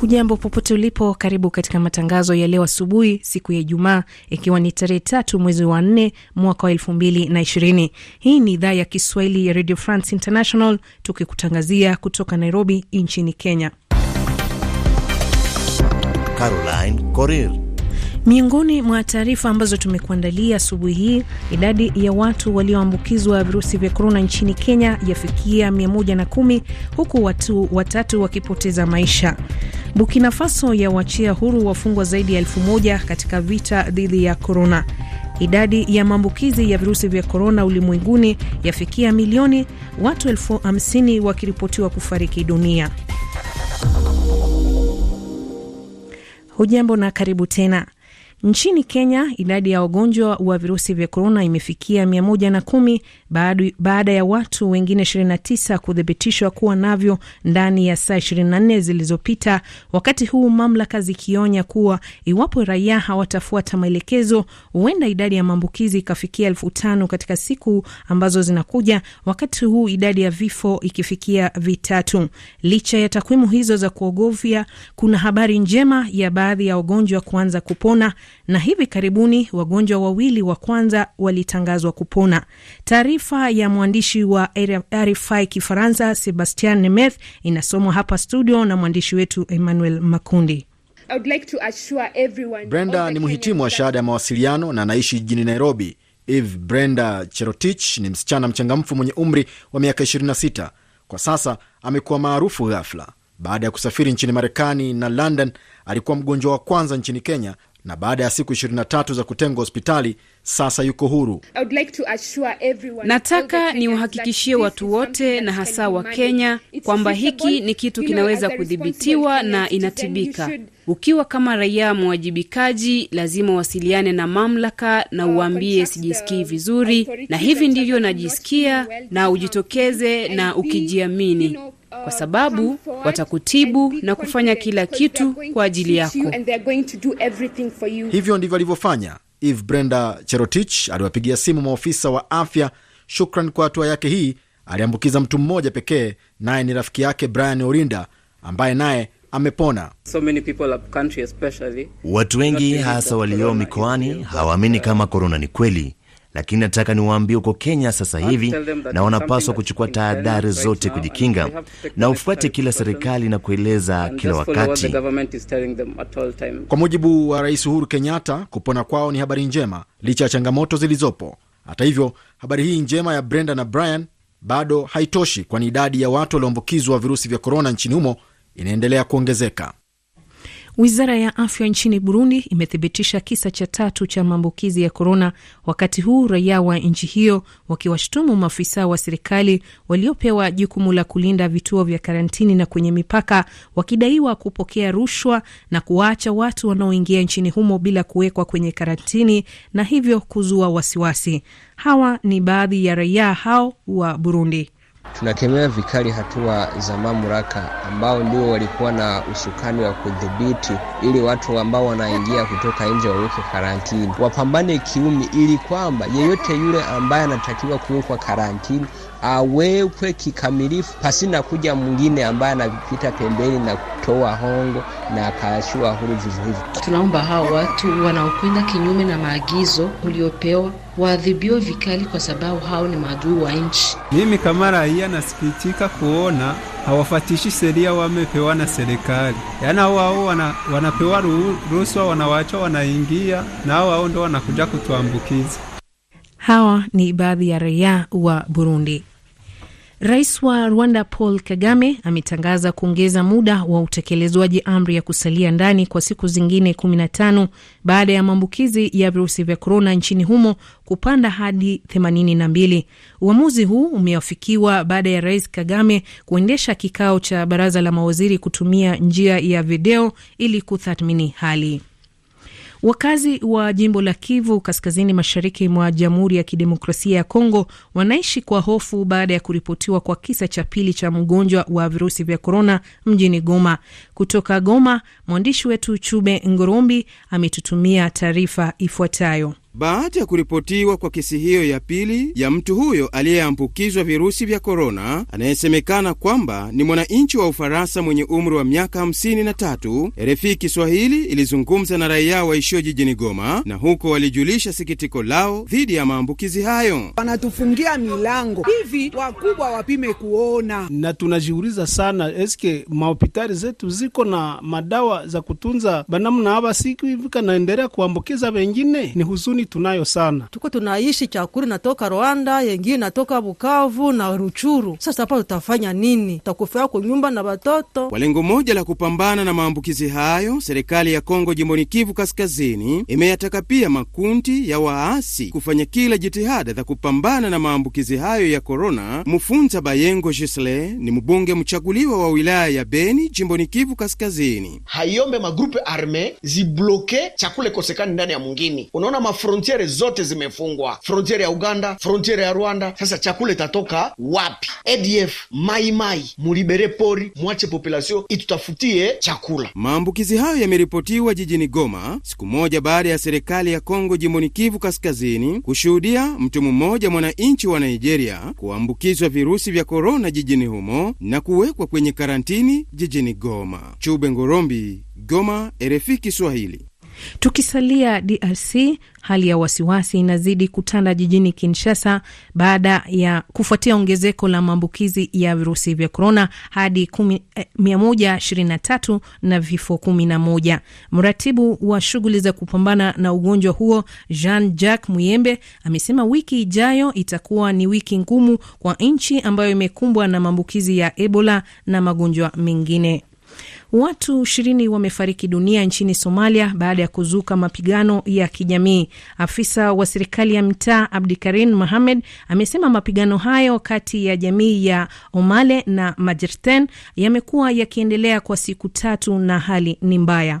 Hujambo popote ulipo, karibu katika matangazo ya leo asubuhi, siku ya Ijumaa, ikiwa ni tarehe tatu mwezi wa nne mwaka wa elfu mbili na ishirini. Hii ni idhaa ya Kiswahili ya Radio France International, tukikutangazia kutoka Nairobi nchini Kenya. Caroline Coril Miongoni mwa taarifa ambazo tumekuandalia asubuhi hii, idadi ya watu walioambukizwa virusi vya korona nchini Kenya yafikia 110 huku watu watatu wakipoteza maisha. Burkina Faso yawachia huru wafungwa zaidi ya elfu moja katika vita dhidi ya korona. Idadi ya maambukizi ya virusi vya korona ulimwenguni yafikia milioni, watu elfu hamsini wakiripotiwa kufariki dunia. Hujambo na karibu tena. Nchini Kenya, idadi ya wagonjwa wa virusi vya korona imefikia 110 baada ya watu wengine 29 kuthibitishwa kuwa navyo ndani ya saa 24 zilizopita, wakati huu mamlaka zikionya kuwa iwapo raia hawatafuata maelekezo, huenda idadi ya maambukizi ikafikia elfu tano katika siku ambazo zinakuja, wakati huu idadi ya vifo ikifikia vitatu. Licha ya takwimu hizo za kuogofya, kuna habari njema ya baadhi ya wagonjwa kuanza kupona na hivi karibuni wagonjwa wawili wa kwanza walitangazwa kupona. Taarifa ya mwandishi wa RFI Kifaransa Sebastian Nemeth inasomwa hapa studio na mwandishi wetu Emmanuel Makundi. Like Brenda ni mhitimu wa shahada ya mawasiliano na anaishi jijini Nairobi. Eve Brenda Cherotich ni msichana mchangamfu mwenye umri wa miaka 26. Kwa sasa amekuwa maarufu ghafla baada ya kusafiri nchini Marekani na London. Alikuwa mgonjwa wa kwanza nchini Kenya na baada ya siku 23 za kutengwa hospitali sasa yuko huru. Like nataka niwahakikishie watu wote na hasa wa Kenya kwamba hiki ni kitu kinaweza kudhibitiwa na inatibika. Ukiwa kama raia mwajibikaji, lazima wasiliane na mamlaka na uh, uambie sijisikii vizuri na hivi ndivyo najisikia, na ujitokeze na ukijiamini kwa sababu watakutibu na kufanya kila kitu kwa ajili yako. Hivyo ndivyo alivyofanya Eve Brenda Cherotich. Aliwapigia simu maofisa wa afya shukran kwa hatua yake hii. Aliambukiza mtu mmoja pekee, naye ni rafiki yake Brian Orinda ambaye naye amepona. So many country, watu wengi hasa walio mikoani hawaamini kama korona ni kweli lakini nataka niwaambie uko Kenya sasa hivi, na wanapaswa kuchukua tahadhari zote kujikinga, na ufuate kila serikali na kueleza kila wakati. Kwa mujibu wa Rais Uhuru Kenyatta, kupona kwao ni habari njema licha ya changamoto zilizopo. Hata hivyo, habari hii njema ya Brenda na Brian bado haitoshi, kwani idadi ya watu walioambukizwa virusi vya korona nchini humo inaendelea kuongezeka. Wizara ya afya nchini Burundi imethibitisha kisa cha tatu cha maambukizi ya korona, wakati huu raia wa nchi hiyo wakiwashutumu maafisa wa serikali waliopewa jukumu la kulinda vituo vya karantini na kwenye mipaka, wakidaiwa kupokea rushwa na kuwaacha watu wanaoingia nchini humo bila kuwekwa kwenye karantini na hivyo kuzua wasiwasi. Hawa ni baadhi ya raia hao wa Burundi. Tunakemea vikali hatua za mamlaka ambao ndio walikuwa na usukani wa kudhibiti ili watu ambao wanaingia kutoka nje waweke karantini, wapambane kiumi, ili kwamba yeyote yule ambaye anatakiwa kuwekwa karantini awekwe kikamilifu, pasina kuja mwingine ambaye anapita pembeni na mke wa hongo na akaashiwa huru vivyo hivyo. Tunaomba hao watu wanaokwenda kinyume na maagizo uliopewa waadhibiwe vikali, kwa sababu hao ni maadui wa nchi. Mimi kama raia nasikitika kuona hawafatishi sheria wamepewa na serikali, yaani hao hao wana, wanapewa ruhusa, wanawacha wanaingia, na hao hao ndo wanakuja kutuambukiza. Hawa ni baadhi ya raia wa Burundi. Rais wa Rwanda Paul Kagame ametangaza kuongeza muda wa utekelezwaji amri ya kusalia ndani kwa siku zingine 15 baada ya maambukizi ya virusi vya korona nchini humo kupanda hadi 82. Uamuzi huu umeafikiwa baada ya Rais Kagame kuendesha kikao cha baraza la mawaziri kutumia njia ya video ili kutathmini hali. Wakazi wa jimbo la Kivu kaskazini mashariki mwa Jamhuri ya Kidemokrasia ya Kongo wanaishi kwa hofu baada ya kuripotiwa kwa kisa cha pili cha mgonjwa wa virusi vya korona mjini Goma. Kutoka Goma, mwandishi wetu Chube Ngorombi ametutumia taarifa ifuatayo. Baada ya kuripotiwa kwa kesi hiyo ya pili ya mtu huyo aliyeambukizwa virusi vya korona, anayesemekana kwamba ni mwananchi wa Ufaransa mwenye umri wa miaka 53, RFI Kiswahili ilizungumza na raia waishio jijini Goma, na huko walijulisha sikitiko lao dhidi ya maambukizi hayo. Wanatufungia milango hivi, wakubwa wapime kuona, na tunajiuliza sana, eske mahopitali zetu ziko na madawa za kutunza banamna haba siku hivi kanaendelea kuambukiza wengine? Ni huzuni tunayo sana, tuko tunaishi chakuri natoka Rwanda, yengine natoka Bukavu na Ruchuru. Sasa hapa tutafanya nini? Takufaa kwa nyumba na watoto. Kwa lengo moja la kupambana na maambukizi hayo, serikali ya Kongo jimboni Kivu Kaskazini imeyataka pia makundi ya waasi kufanya kila jitihada za kupambana na maambukizi hayo ya korona. Mufunza Bayengo Jisle ni mbunge mchaguliwa wa wilaya ya Beni jimboni Kivu Kaskazini. Haiombe magrupe arme zibloke chakule kosekani ndani ya mungini, unaona mafron frontiere zote zimefungwa, frontiere ya Uganda, frontiere ya Rwanda. Sasa chakula itatoka wapi? ADF maimai, mulibere pori, mwache populasio itutafutie chakula. Maambukizi hayo yameripotiwa jijini Goma siku moja baada ya serikali ya Kongo jimboni Kivu Kaskazini kushuhudia mtu mmoja mwananchi wa Nigeria kuambukizwa virusi vya korona jijini humo na kuwekwa kwenye karantini jijini Goma. Chube Ngorombi, Goma, RFI Kiswahili. Tukisalia DRC, hali ya wasiwasi inazidi kutanda jijini Kinshasa baada ya kufuatia ongezeko la maambukizi ya virusi vya korona hadi 123 eh, na vifo 11. Mratibu wa shughuli za kupambana na ugonjwa huo Jean Jacques Muyembe amesema wiki ijayo itakuwa ni wiki ngumu kwa nchi ambayo imekumbwa na maambukizi ya Ebola na magonjwa mengine. Watu ishirini wamefariki dunia nchini Somalia baada ya kuzuka mapigano ya kijamii. Afisa wa serikali ya mtaa karin Mohamed amesema mapigano hayo kati ya jamii ya Omale na Majerten yamekuwa yakiendelea kwa siku tatu na hali ni mbaya.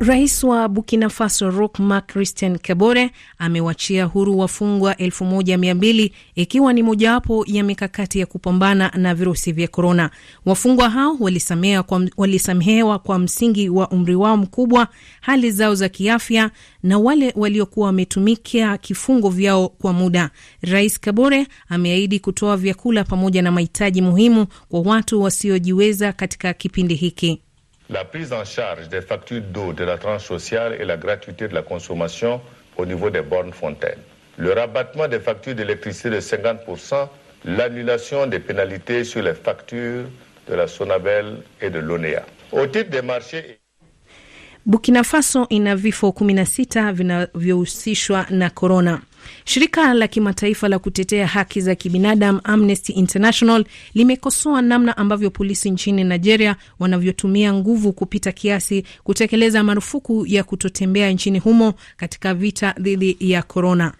Rais wa Burkina Faso Roch Marc Christian Kabore amewachia huru wafungwa 120 ikiwa ni mojawapo ya mikakati ya kupambana na virusi vya korona. Wafungwa hao walisamehewa kwa, walisamehewa kwa msingi wa umri wao mkubwa, hali zao za kiafya na wale waliokuwa wametumikia kifungo vyao kwa muda. Rais Kabore ameahidi kutoa vyakula pamoja na mahitaji muhimu kwa watu wasiojiweza katika kipindi hiki. la prise en charge des factures d'eau de la tranche sociale et la gratuité de la consommation au niveau des bornes fontaines, le rabattement des factures d'électricité de 50%, l'annulation des pénalités sur les factures de la Sonabel et de l'ONEA. Au titre des marchés Burkina Faso vifo 16 na korona. Shirika la kimataifa la kutetea haki za kibinadamu Amnesty International limekosoa namna ambavyo polisi nchini Nigeria wanavyotumia nguvu kupita kiasi kutekeleza marufuku ya kutotembea nchini humo katika vita dhidi ya korona.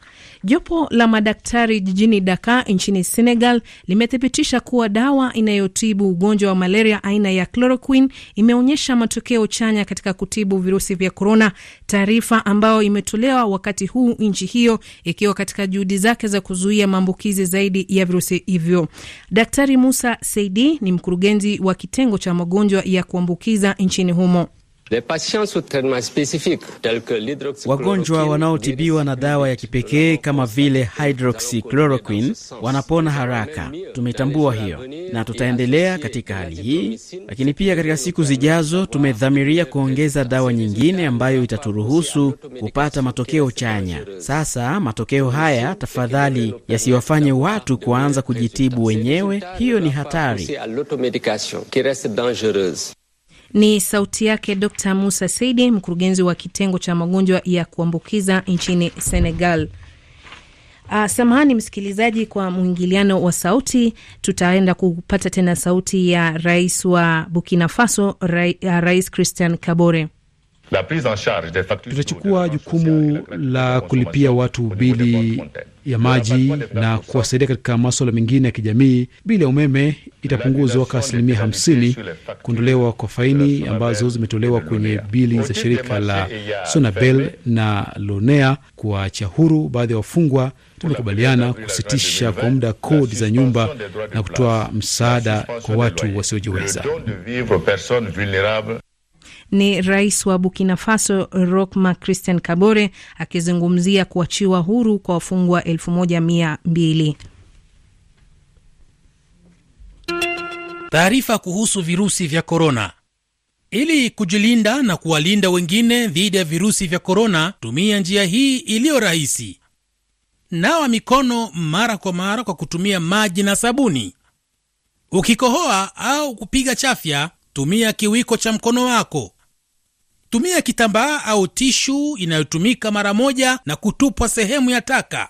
Jopo la madaktari jijini Dakar nchini Senegal limethibitisha kuwa dawa inayotibu ugonjwa wa malaria aina ya chloroquine imeonyesha matokeo chanya katika kutibu virusi vya korona, taarifa ambayo imetolewa wakati huu nchi hiyo kufanikiwa katika juhudi zake za kuzuia maambukizi zaidi ya virusi hivyo. Daktari Musa Seidi ni mkurugenzi wa kitengo cha magonjwa ya kuambukiza nchini humo. Wagonjwa wanaotibiwa na dawa ya kipekee kama vile hydroxychloroquine wanapona haraka. Tumetambua hiyo na tutaendelea katika hali hii, lakini pia katika siku zijazo tumedhamiria kuongeza dawa nyingine ambayo itaturuhusu kupata matokeo chanya. Sasa matokeo haya tafadhali yasiwafanye watu kuanza kujitibu wenyewe, hiyo ni hatari. Ni sauti yake Dr Musa Seidi, mkurugenzi wa kitengo cha magonjwa ya kuambukiza nchini Senegal. Uh, samahani msikilizaji kwa mwingiliano wa sauti. Tutaenda kupata tena sauti ya rais wa Burkina Faso, ah, Rais Christian Kabore. Tutachukua jukumu la kulipia watu bili ya maji na kuwasaidia katika maswala mengine ya kijamii. Bili ya umeme itapunguzwa kwa asilimia hamsini, kuondolewa kwa faini ambazo zimetolewa kwenye bili za shirika la Sonabel na Lonea, kuwaachia huru baadhi ya wafungwa. Tumekubaliana kusitisha kwa muda kodi za nyumba na kutoa msaada kwa watu wasiojiweza ni rais wa Burkina Faso Roch Marc Christian Kabore akizungumzia kuachiwa huru kwa wafungwa elfu moja mia mbili. Taarifa kuhusu virusi vya korona. Ili kujilinda na kuwalinda wengine dhidi ya virusi vya korona, tumia njia hii iliyo rahisi: nawa mikono mara kwa mara kwa kutumia maji na sabuni. Ukikohoa au kupiga chafya, tumia kiwiko cha mkono wako tumia kitambaa au tishu inayotumika mara moja na kutupwa sehemu ya taka.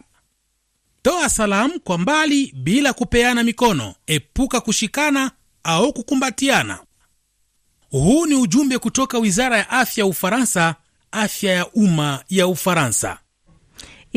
Toa salamu kwa mbali bila kupeana mikono. Epuka kushikana au kukumbatiana. Huu ni ujumbe kutoka Wizara ya Afya ya Ufaransa, afya ya umma ya Ufaransa.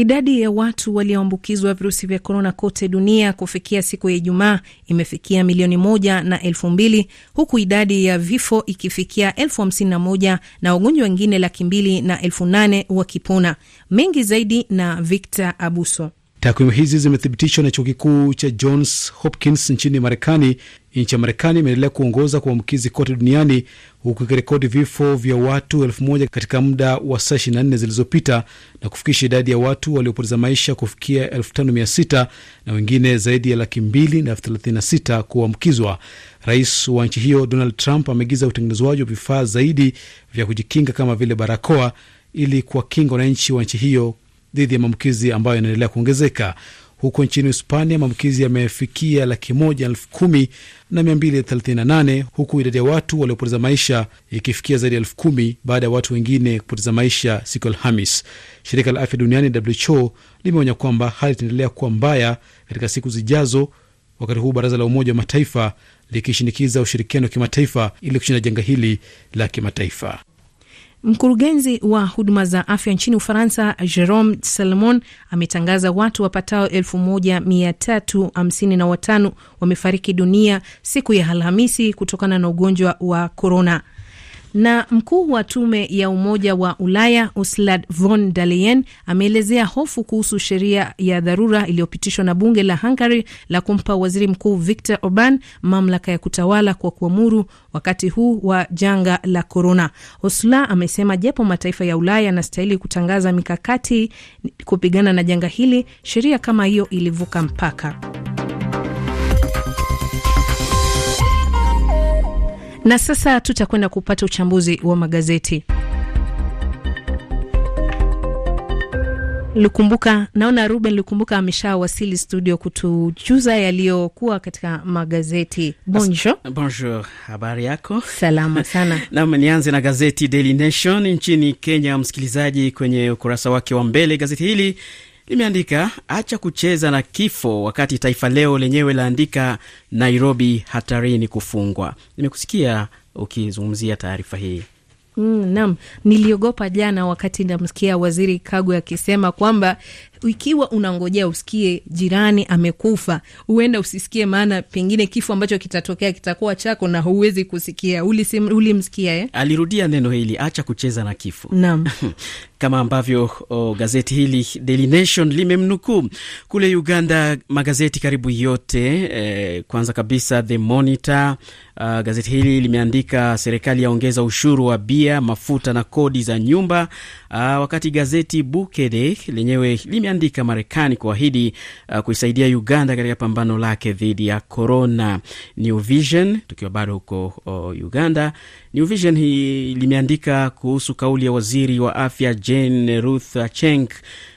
Idadi ya watu walioambukizwa virusi vya korona kote dunia kufikia siku ya Ijumaa imefikia milioni moja na elfu mbili huku idadi ya vifo ikifikia elfu hamsini na moja na wagonjwa wengine laki mbili na elfu nane wakipona. Mengi zaidi na Victor Abuso. Takwimu hizi zimethibitishwa na chuo kikuu cha Johns Hopkins nchini Marekani. Nchi ya Marekani imeendelea kuongoza kwa uambukizi kote duniani huku ikirekodi vifo vya watu elfu moja katika muda wa saa 24 zilizopita na kufikisha idadi ya watu waliopoteza maisha kufikia 56 na wengine zaidi ya laki mbili na elfu thelathini na sita kuambukizwa. Rais wa nchi hiyo Donald Trump ameagiza utengenezwaji wa vifaa zaidi vya kujikinga kama vile barakoa ili kuwakinga wananchi wa nchi hiyo dhidi ya maambukizi ambayo yanaendelea kuongezeka. Huko nchini Hispania, maambukizi yamefikia laki moja elfu kumi na mia mbili thelathini na nane huku idadi ya watu waliopoteza maisha ikifikia zaidi ya elfu kumi baada ya watu wengine kupoteza maisha siku Alhamis. Shirika la afya duniani WHO limeonya kwamba hali itaendelea kuwa mbaya katika siku zijazo, wakati huu baraza la Umoja wa Mataifa likishinikiza ushirikiano wa kimataifa ili kushinda janga hili la kimataifa. Mkurugenzi wa huduma za afya nchini Ufaransa, Jerome Salmon, ametangaza watu wapatao elfu moja mia tatu hamsini na watano wamefariki dunia siku ya Alhamisi kutokana na ugonjwa wa korona. Na mkuu wa tume ya Umoja wa Ulaya Ursula von der Leyen ameelezea hofu kuhusu sheria ya dharura iliyopitishwa na bunge la Hungary la kumpa waziri mkuu Viktor Orban mamlaka ya kutawala kwa kuamuru wakati huu wa janga la korona. Ursula amesema japo mataifa ya Ulaya yanastahili kutangaza mikakati kupigana na janga hili, sheria kama hiyo ilivuka mpaka. Na sasa tutakwenda kupata uchambuzi wa magazeti. Lukumbuka, naona Ruben Lukumbuka ameshawasili studio kutujuza yaliyokuwa katika magazeti. Bonjour. Bonjour, habari yako? Salama sana. Nam, nianze na gazeti Daily Nation nchini Kenya. Msikilizaji, kwenye ukurasa wake wa mbele, gazeti hili limeandika acha kucheza na kifo, wakati Taifa Leo lenyewe laandika Nairobi hatarini kufungwa. Nimekusikia ukizungumzia taarifa hii. Mm, nam niliogopa jana wakati namsikia Waziri Kagwe akisema kwamba ikiwa unangojea usikie jirani amekufa, huenda usisikie, maana pengine kifo ambacho kitatokea kitakuwa chako na huwezi kusikia. Ulimsikia uli eh? Alirudia neno hili, acha kucheza na kifo. Naam. Kama ambavyo o, gazeti hili Daily Nation limemnukuu kule Uganda, magazeti karibu yote eh, kwanza kabisa The Monitor. Uh, gazeti hili limeandika serikali yaongeza ushuru wa bia, mafuta na kodi za nyumba. Uh, wakati gazeti Bukede lenyewe lime aliandika Marekani kuahidi uh, kuisaidia Uganda katika pambano lake dhidi ya corona. New Vision, tukiwa bado huko uh, Uganda, New Vision hii limeandika kuhusu kauli ya waziri wa afya Jane Ruth Aceng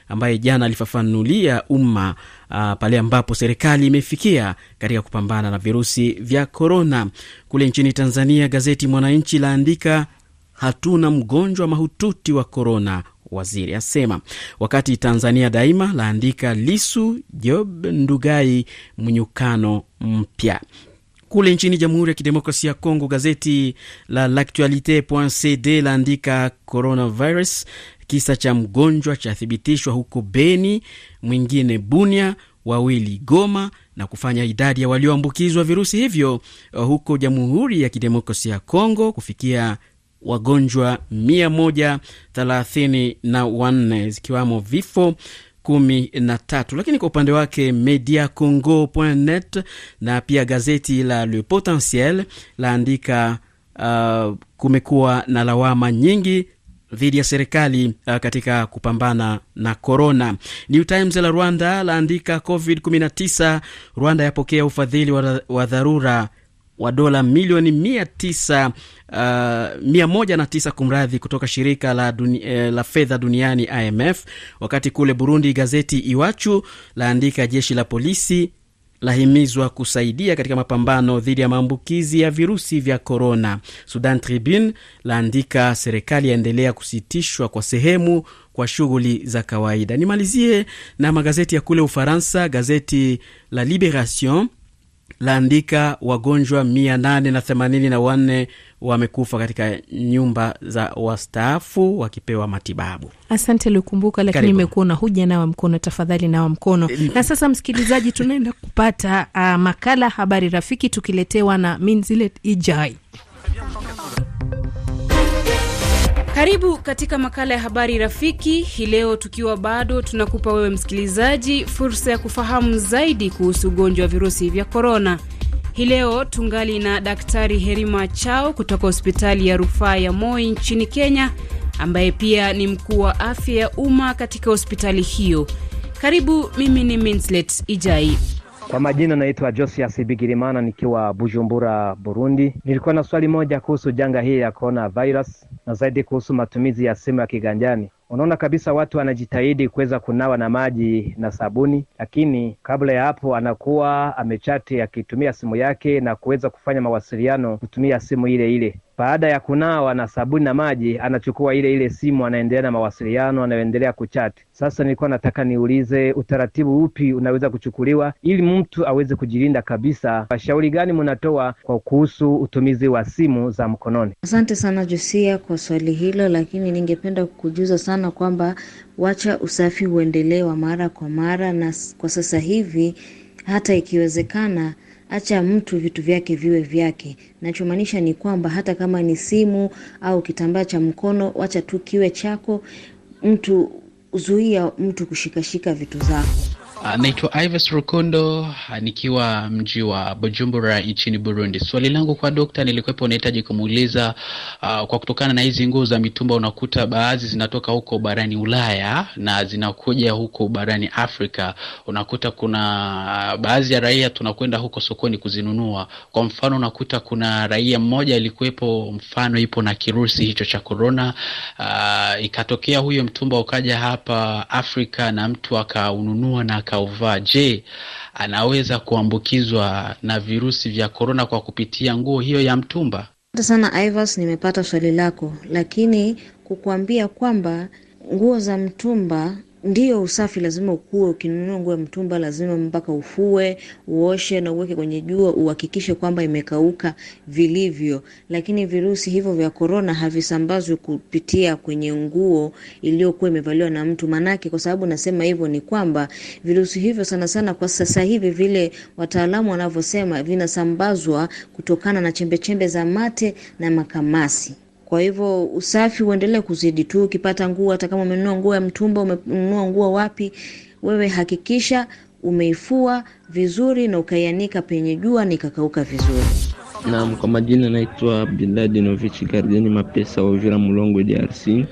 ambaye jana alifafanulia umma uh, pale ambapo serikali imefikia katika kupambana na virusi vya korona. Kule nchini Tanzania, gazeti Mwananchi laandika hatuna mgonjwa mahututi wa korona waziri asema. Wakati Tanzania Daima laandika Lisu Job Ndugai mnyukano mpya kule nchini Jamhuri ya Kidemokrasia ya Kongo, gazeti la lactualitcd laandika coronavirus, kisa cha mgonjwa chathibitishwa huko Beni, mwingine Bunia, wawili Goma, na kufanya idadi ya walioambukizwa virusi hivyo uh, huko Jamhuri ya Kidemokrasia ya Kongo kufikia wagonjwa mia moja thelathini na wanne zikiwamo vifo kumi na tatu. Lakini kwa upande wake media congo net na pia gazeti la Le Potentiel laandika uh, kumekuwa na lawama nyingi dhidi ya serikali uh, katika kupambana na corona. New Times la Rwanda laandika COVID 19, Rwanda yapokea ufadhili wa, wa dharura wa dola milioni mia tisa Uh, mia moja na tisa kumradhi, kutoka shirika la, duni, eh, la fedha duniani IMF. Wakati kule Burundi, gazeti Iwachu laandika jeshi la polisi lahimizwa kusaidia katika mapambano dhidi ya maambukizi ya virusi vya korona. Sudan Tribune laandika serikali yaendelea kusitishwa kwa sehemu kwa shughuli za kawaida. Nimalizie na magazeti ya kule Ufaransa, gazeti la Liberation laandika wagonjwa mia nane na themanini na wanne wamekufa katika nyumba za wastaafu wakipewa matibabu. Asante likumbuka lakini imekuwa na huja nawa mkono, tafadhali nawa mkono. Eh, na sasa, msikilizaji, tunaenda kupata uh, makala habari rafiki tukiletewa na Minzilet Ijai. Karibu katika makala ya habari rafiki hii leo, tukiwa bado tunakupa wewe msikilizaji fursa ya kufahamu zaidi kuhusu ugonjwa wa virusi vya korona. Hii leo tungali na Daktari Herima Chao kutoka hospitali ya rufaa ya Moi nchini Kenya, ambaye pia ni mkuu wa afya ya umma katika hospitali hiyo. Karibu, mimi ni Minslet Ijai. Kwa majina naitwa Josias Bigirimana nikiwa Bujumbura, Burundi. Nilikuwa na swali moja kuhusu janga hii ya corona virus na zaidi kuhusu matumizi ya simu ya kiganjani. Unaona kabisa watu wanajitahidi kuweza kunawa na maji na sabuni, lakini kabla ya hapo anakuwa amechati akitumia simu yake na kuweza kufanya mawasiliano kutumia simu ile ile. Baada ya kunawa na sabuni na maji, anachukua ile ile simu, anaendelea na mawasiliano, anaendelea kuchati. Sasa nilikuwa nataka niulize utaratibu upi unaweza kuchukuliwa ili mtu aweze kujilinda kabisa? Washauri gani mnatoa kwa kuhusu utumizi wa simu za mkononi? Asante sana Josia kwa swali hilo, lakini ningependa kukujuza sana kwamba wacha usafi uendelee wa mara kwa mara, na kwa sasa hivi hata ikiwezekana Acha mtu vitu vyake viwe vyake. Nachomaanisha ni kwamba hata kama ni simu au kitambaa cha mkono, wacha tu kiwe chako. Mtu zuia mtu kushikashika vitu zako. Ah, naitwa Ives Rukundo ah, nikiwa mji wa Bujumbura nchini Burundi. Swali langu kwa dokta nilikuwepo nahitaji kumuuliza uh, kwa kutokana na hizi nguo za mitumba unakuta baadhi zinatoka huko barani Ulaya na zinakuja huko barani Afrika. Unakuta kuna baadhi ya raia tunakwenda huko sokoni kuzinunua. Kwa mfano unakuta kuna raia mmoja alikuwepo, mfano ipo na kirusi hicho cha korona, uh, ikatokea huyo mtumba ukaja hapa Afrika na mtu akaununua na aka akauvaa, je, anaweza kuambukizwa na virusi vya korona kwa kupitia nguo hiyo ya mtumba? Asante sana Ivas, nimepata swali lako, lakini kukuambia kwamba nguo za mtumba ndio usafi lazima ukuwe. Ukinunua nguo ya mtumba lazima mpaka ufue, uoshe na uweke kwenye jua, uhakikishe kwamba imekauka vilivyo. Lakini virusi hivyo vya korona havisambazwi kupitia kwenye nguo iliyokuwa imevaliwa na mtu. Manake, kwa sababu nasema hivyo ni kwamba virusi hivyo sana sana kwa sasa hivi, vile wataalamu wanavyosema, vinasambazwa kutokana na chembechembe za mate na makamasi. Kwa hivyo usafi uendelee kuzidi tu. Ukipata nguo, hata kama umenunua nguo ya mtumba, umenunua nguo wapi, wewe hakikisha umeifua vizuri na ukaianika penye jua nikakauka vizuri. Naam, kwa majina naitwa Abdullah Dinovich Gardiani Mapesa wa Uvira Mlongo, DRC.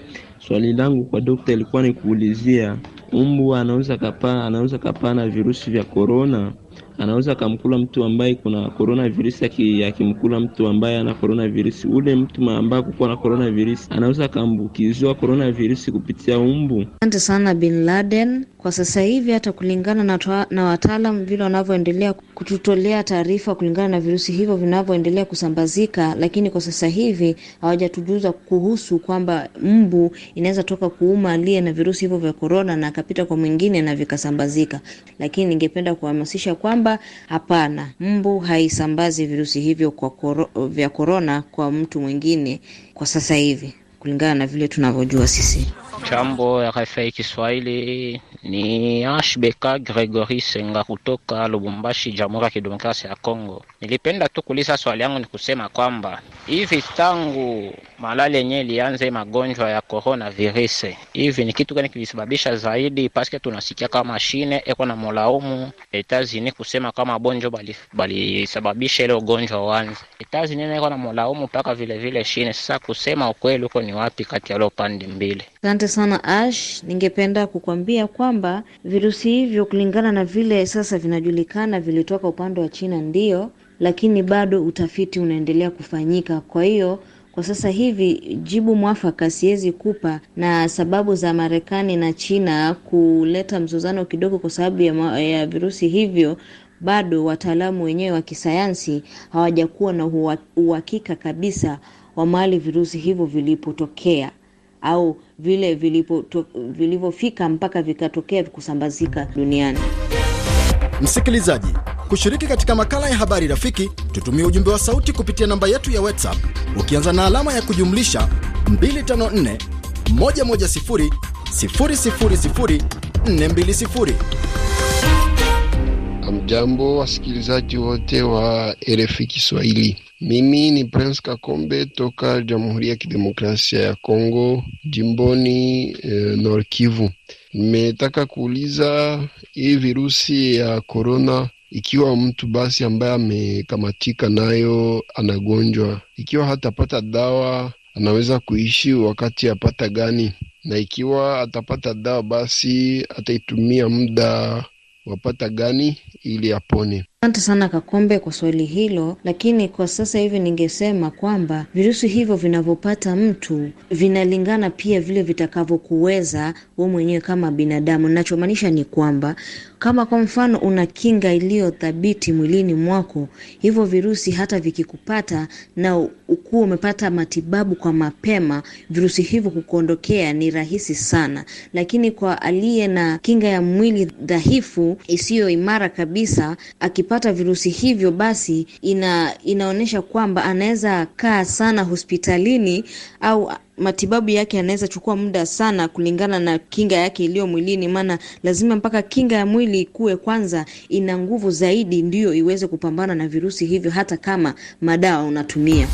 Swali langu kwa dokta ilikuwa ni kuulizia, mbu anaweza kapana, anaweza kapaa na virusi vya korona? anaweza akamkula mtu ambaye kuna coronavirus, akimkula mtu ambaye ana coronavirus, ule mtu ambaye kukuwa na coronavirus anaweza akaambukizwa coronavirus kupitia umbu. Asante sana Bin Laden. Kwa sasa hivi hata kulingana na, na wataalam vile wanavyoendelea kututolea taarifa kulingana na virusi hivyo vinavyoendelea kusambazika, lakini kwa sasa hivi hawajatujuza kuhusu kwamba mbu inaweza toka kuuma aliye na virusi hivyo vya korona na akapita kwa mwingine na vikasambazika, lakini ningependa kuhamasisha kwamba kwamba hapana, mbu haisambazi virusi hivyo kwa koro, vya korona kwa mtu mwingine kwa sasa hivi kulingana na vile tunavyojua sisi. Chambo ya RFI Kiswahili ni Ashbeka Gregory Senga kutoka Lubumbashi, Jamhuri ya Kidemokrasia ya Kongo. Nilipenda tu kuuliza swali yangu ni kusema kwamba hivi tangu malali yenye ilianza magonjwa ya corona virus. Hivi ni kitu gani kilisababisha zaidi? Paske tunasikia kama mashine eko na mulaumu Etazini kusema kama bonjo balisababisha bali ile ugonjwa wanza. Etazini eko na mulaumu mpaka vilevile shine. Sasa kusema ukweli, huko ni wapi kati ya pande mbili? Asante sana Ash, ningependa kukwambia kwamba virusi hivyo kulingana na vile sasa vinajulikana vilitoka upande wa China ndio, lakini bado utafiti unaendelea kufanyika, kwa hiyo kwa sasa hivi jibu mwafaka siwezi kupa, na sababu za Marekani na China kuleta mzozano kidogo kwa sababu ya, ya virusi hivyo bado wataalamu wenyewe wa kisayansi hawajakuwa na uhakika kabisa wa mahali virusi hivyo vilipotokea au vile vilivyofika mpaka vikatokea kusambazika duniani. Msikilizaji, Kushiriki katika makala ya habari rafiki, tutumie ujumbe wa sauti kupitia namba yetu ya WhatsApp ukianza na alama ya kujumlisha 254 110 000 420. wasikilizaji wote wa RFI Kiswahili. Mimi ni Prince Kakombe toka Jamhuri ya Kidemokrasia ya Kongo, jimboni eh, Nord Kivu. Nimetaka kuuliza hii virusi ya korona ikiwa mtu basi ambaye amekamatika nayo anagonjwa, ikiwa hatapata dawa, anaweza kuishi wakati apata gani? Na ikiwa atapata dawa, basi ataitumia muda wapata gani ili apone? Asante sana Kakombe kwa swali hilo, lakini kwa sasa hivi ningesema kwamba virusi hivyo vinavyopata mtu vinalingana pia vile vitakavyokuweza wewe mwenyewe kama binadamu. Ninachomaanisha ni kwamba kama kwa mfano una kinga iliyo thabiti mwilini mwako, hivyo virusi hata vikikupata na ukuwa umepata matibabu kwa mapema, virusi hivyo kukuondokea ni rahisi sana. Lakini kwa aliye na kinga ya mwili dhaifu isiyo imara kabisa, akipa kupata virusi hivyo, basi ina, inaonyesha kwamba anaweza kaa sana hospitalini au matibabu yake yanaweza chukua muda sana kulingana na kinga yake iliyo mwilini, maana lazima mpaka kinga ya mwili ikue kwanza, ina nguvu zaidi, ndiyo iweze kupambana na virusi hivyo, hata kama madawa unatumia.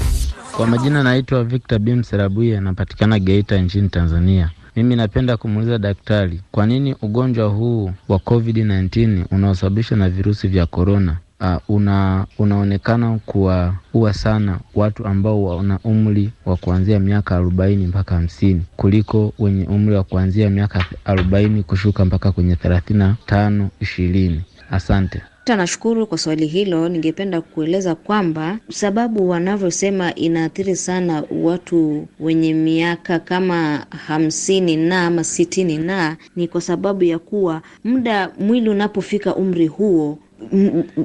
Kwa majina naitwa Victor Bimserabuye, anapatikana Geita nchini Tanzania. Mimi napenda kumuuliza daktari, kwa nini ugonjwa huu wa COVID-19 unaosababishwa na virusi vya korona Uh, ah, una, unaonekana kuwaua sana watu ambao wana umri wa kuanzia miaka arobaini mpaka hamsini kuliko wenye umri wa kuanzia miaka arobaini kushuka mpaka kwenye thelathini na tano ishirini. Asante. Nashukuru kwa swali hilo. Ningependa kueleza kwamba sababu wanavyosema inaathiri sana watu wenye miaka kama hamsini na ama sitini na ni kwa sababu ya kuwa muda mwili unapofika umri huo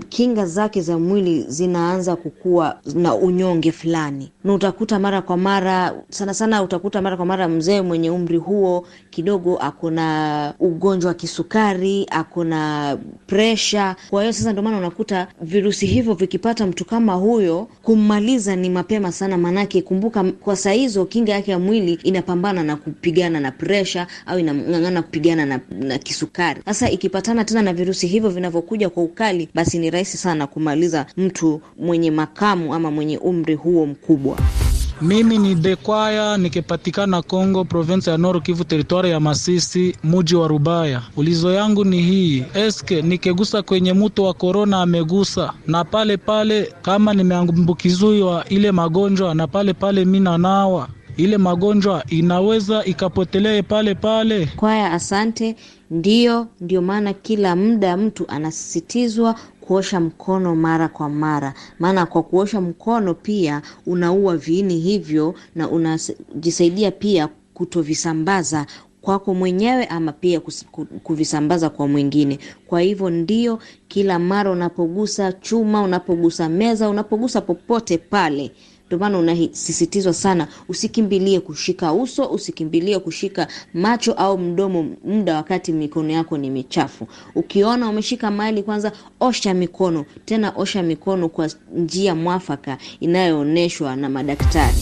kinga zake za mwili zinaanza kukua na unyonge fulani, na utakuta mara kwa mara, sana sana utakuta mara kwa mara mzee mwenye umri huo kidogo akona ugonjwa wa kisukari, akona presha. Kwa hiyo sasa, ndio maana unakuta virusi hivyo vikipata mtu kama huyo, kummaliza ni mapema sana, maanake kumbuka, kwa saa hizo kinga yake ya mwili inapambana na kupigana na presha au inang'ang'ana kupigana na, na kisukari. Sasa ikipatana tena na virusi hivyo vinavyokuja kwa ukali serikali, basi ni rahisi sana kumaliza mtu mwenye makamu ama mwenye umri huo mkubwa. Mimi ni Dekwaya nikipatikana Kongo, province ya Noro Kivu, teritwari ya Masisi, muji wa Rubaya. Ulizo yangu ni hii, eske nikigusa kwenye mutu wa korona amegusa na pale pale, kama nimeambukizwa ile magonjwa na pale pale mi nanawa ile magonjwa inaweza ikapotelee pale pale. Kwaya, asante. Ndiyo, ndio maana kila muda mtu anasisitizwa kuosha mkono mara kwa mara, maana kwa kuosha mkono pia unaua viini hivyo na unajisaidia pia kutovisambaza kwako mwenyewe ama pia kuvisambaza kwa mwingine. Kwa hivyo ndio kila mara unapogusa chuma, unapogusa meza, unapogusa popote pale ndio maana unasisitizwa sana, usikimbilie kushika uso, usikimbilie kushika macho au mdomo muda wakati mikono yako ni michafu. Ukiona umeshika mali, kwanza osha mikono, tena osha mikono kwa njia mwafaka inayoonyeshwa na madaktari.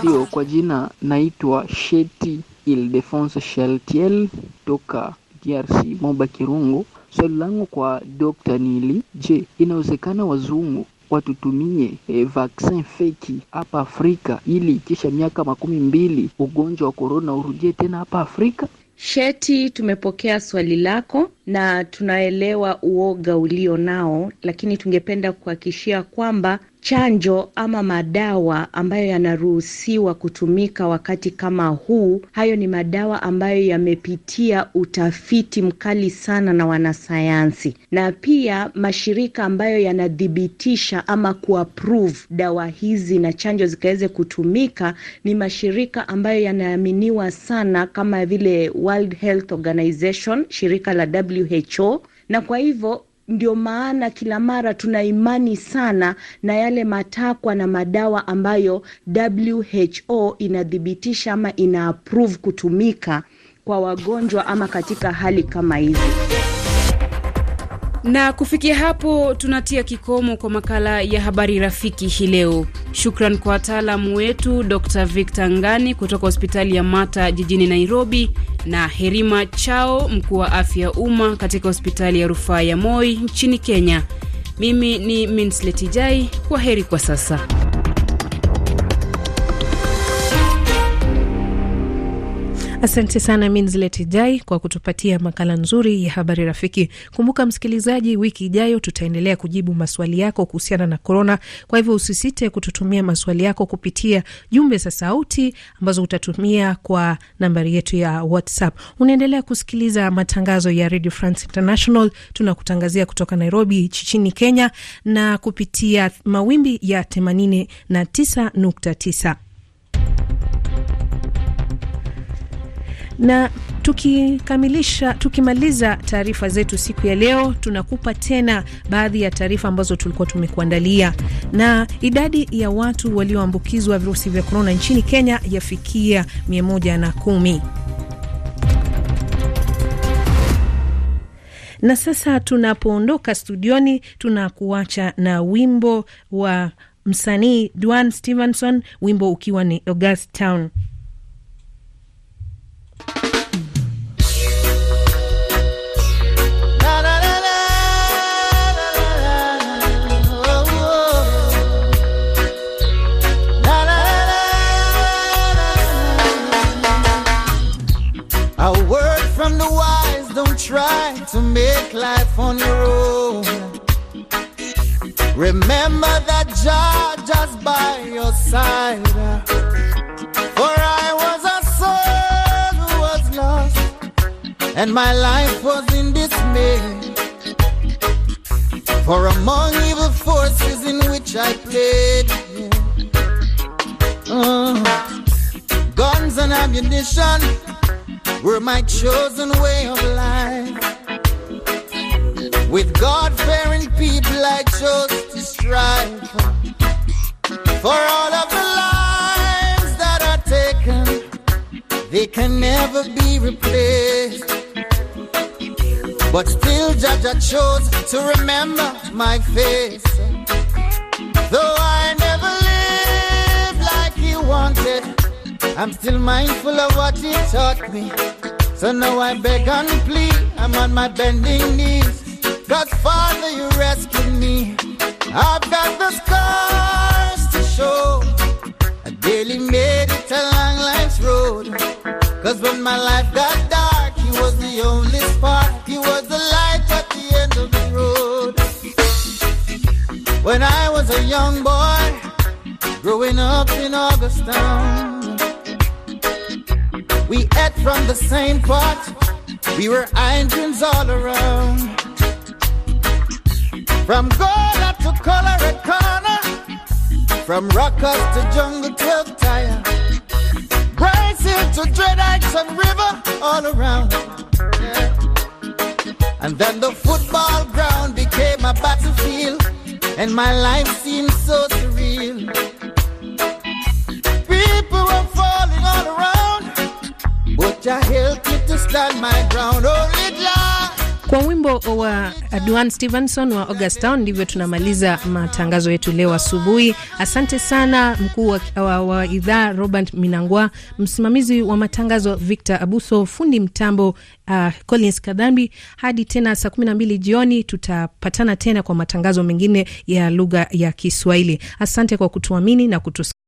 Ndio, kwa jina naitwa Sheti Ildefonso sheltiel toka DRC, Moba Kirungu. Swali langu kwa Dr. Nili, je, inawezekana wazungu watutumie e, eh, vaksin feki hapa Afrika ili kisha miaka makumi mbili ugonjwa wa korona urudie tena hapa Afrika? Sheti, tumepokea swali lako na tunaelewa uoga ulio nao, lakini tungependa kuhakikishia kwamba chanjo ama madawa ambayo yanaruhusiwa kutumika wakati kama huu, hayo ni madawa ambayo yamepitia utafiti mkali sana na wanasayansi, na pia mashirika ambayo yanathibitisha ama kuapprove dawa hizi na chanjo zikaweze kutumika ni mashirika ambayo yanaaminiwa sana kama vile World Health Organization, shirika la WHO, na kwa hivyo ndio maana kila mara tuna imani sana na yale matakwa na madawa ambayo WHO inathibitisha ama ina approve kutumika kwa wagonjwa ama katika hali kama hizi. Na kufikia hapo tunatia kikomo kwa makala ya habari rafiki hii leo. Shukran kwa wataalamu wetu Dr. Victor Ngani kutoka hospitali ya Mata jijini Nairobi na Herima Chao, mkuu wa afya ya umma katika hospitali ya rufaa ya Moi nchini Kenya. Mimi ni minsletijai kwa heri kwa sasa. Asante sana Minzlet Jai kwa kutupatia makala nzuri ya habari rafiki. Kumbuka msikilizaji, wiki ijayo tutaendelea kujibu maswali yako kuhusiana na korona. Kwa hivyo usisite kututumia maswali yako kupitia jumbe za sauti ambazo utatumia kwa nambari yetu ya WhatsApp. Unaendelea kusikiliza matangazo ya Radio France International, tunakutangazia kutoka Nairobi chichini Kenya na kupitia mawimbi ya 89.9 na tukikamilisha tukimaliza taarifa zetu siku ya leo, tunakupa tena baadhi ya taarifa ambazo tulikuwa tumekuandalia. Na idadi ya watu walioambukizwa virusi vya korona nchini Kenya yafikia 110. Na sasa tunapoondoka studioni, tunakuacha na wimbo wa msanii Dwan Stevenson, wimbo ukiwa ni August Town. try to make life on your own. Remember that Jah just by your side. For I was a soul who was lost, and my life was in dismay. For among evil forces in which I played, yeah. uh, guns and ammunition were my chosen way of life. With God fearing people, I chose to strive for all of the lives that are taken. They can never be replaced. But still, Judge, I chose to remember my face. Though I never lived like he wanted. I'm still mindful of what he taught me. So now I beg and plead, I'm on my bending knees. God, Father, you rescued me. I've got the scars to show. I daily made it along life's road. Cause when my life got dark, he was the only spark. He was the light at the end of the road. When I was a young boy, growing up in August town. We ate from the same pot. We were engines all around. From Gola to Colorado, from Rockers to Jungle to Tire, Brazil to Dread and River, all around. Yeah. And then the football ground became a battlefield, and my life seemed so surreal. Kwa wimbo wa adwan Stevenson wa August Town ndivyo tunamaliza matangazo yetu leo asubuhi. Asante sana mkuu wa, wa, wa idhaa Robert Minangwa, msimamizi wa matangazo Victor Abuso, fundi mtambo uh, Collins Kadhambi. Hadi tena saa 12 jioni tutapatana tena kwa matangazo mengine ya lugha ya Kiswahili. Asante kwa kutuamini na kutusikiliza.